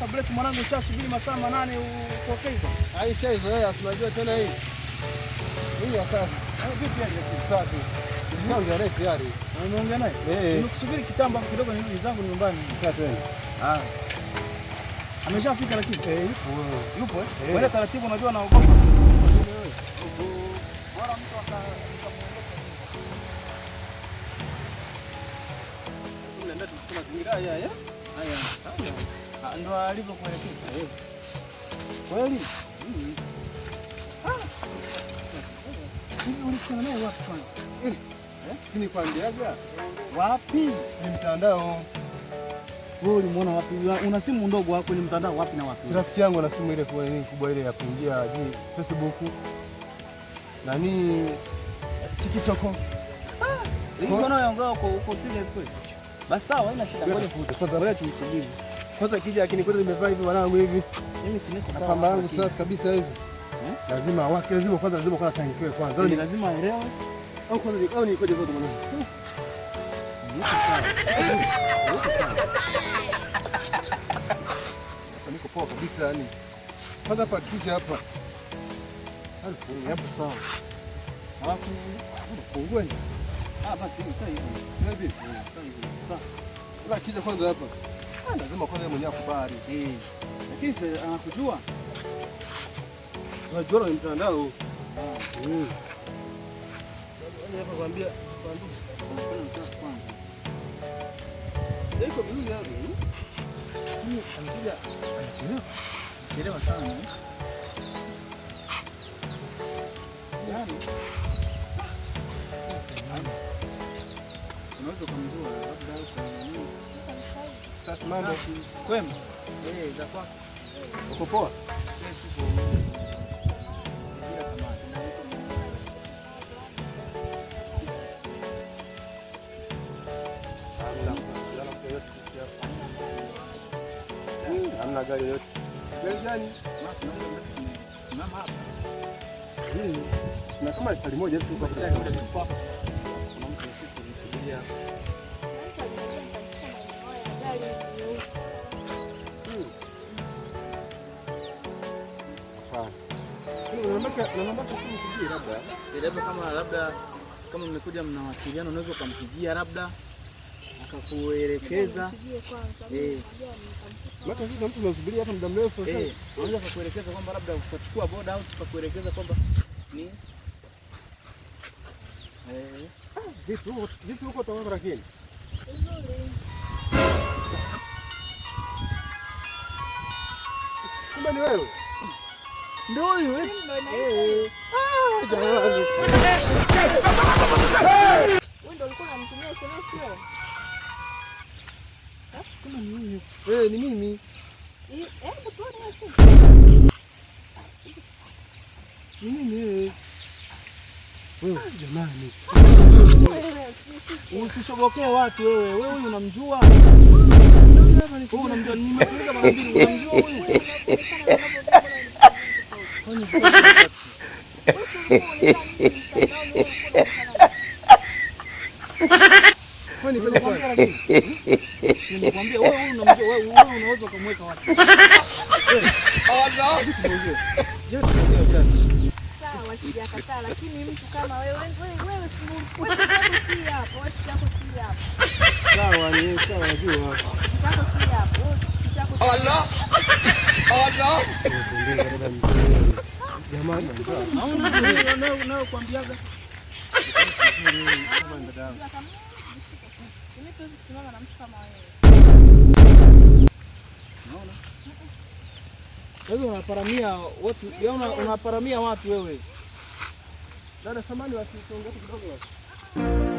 Tableti mwanangu, shasubiri masaa manane utokee. Aishaizoea, tunajua tena hii Umeongea naye? Nimekusubiri kitambo kidogo, nirudi zangu nyumbani. Ameshafika lakini? Eh, yupo. Wewe taratibu, unajua naogopa. Bora mtu Ndo alivyokuelekeza kweli. Mm-hmm. Ulikutana naye wapi kwanza? Eh, eh, Nikwambiaga wapi ni mtandao. Wewe ulimwona wapi? Una simu ndogo hapo, ni mtandao wapi na wapi? Rafiki yangu ana simu ile kubwa ile ya kuingia juu Facebook nani TikTok. Uko serious kweli? Basi sawa, haina shida. Ngoja kuvuta. Kwanza ngoja tumsubiri. Kwanza kija lakini kwanza nimevaa hivi mwanangu hivi. Mimi si niko sawa. Kamba yangu safi kabisa hivi. Lazima wake lazima kwanza lazima kwanza tangiwe kwanza. Ni lazima aelewe. Au kwanza ni au ni koje kwanza mwanangu. Niko sawa. Niko poa kabisa yani. Kwanza hapa kisha hapa. Hapo sawa. Alafu fungue. Sasa eh, kija kwanza hapa. Ah, lazima kwanza yeye mwenyewe akubali. Eh. Lakini sasa anakujua? Tunajua kwenye mtandao. Ah. Mm. Sasa hapa kwambia kwambia sasa kwanza. Iko vizuri hapo. Mimi hmm? anakuja anachelewa. Anachelewa sana. Eh. Yaani Mambo kwema, eh, uko poa? Hamna gari Gari gani? Simama hapa. Hii na kama ni sali moja tu kwa sababu Eh, labda kama labda kama mmekuja mna wasiliano, unaweza ukampigia labda akakuelekeza eh. muda mrefu, eh. anaweza akakuelekeza kwamba labda ukachukua boda au tukakuelekeza kwamba ni ah, vipi huko toka lakini kumbe ni wewe ndio huyu eh, eh. Ah, eh. ni mimi. ni mimi. Eh. Oh, wewe jamani. Usishobokee watu wewe. Wewe huyu unamjua? Wewe unamjua nimekuuliza mara mbili. unaweza ukamweka wapi? Sawa, sijakataa, lakini mtu kama wewe wewe si hapo, chako si hapo. Sawa, ni sawa, jua chako si hapo, chako si hapo. Jamani, unayokuambiaga mimi siwezi kusimama na mtu kama wewe. Unaona? Wewe unaparamia watu, yaona yaani unaparamia watu wewe. Dada samani, wasiongee kidogo.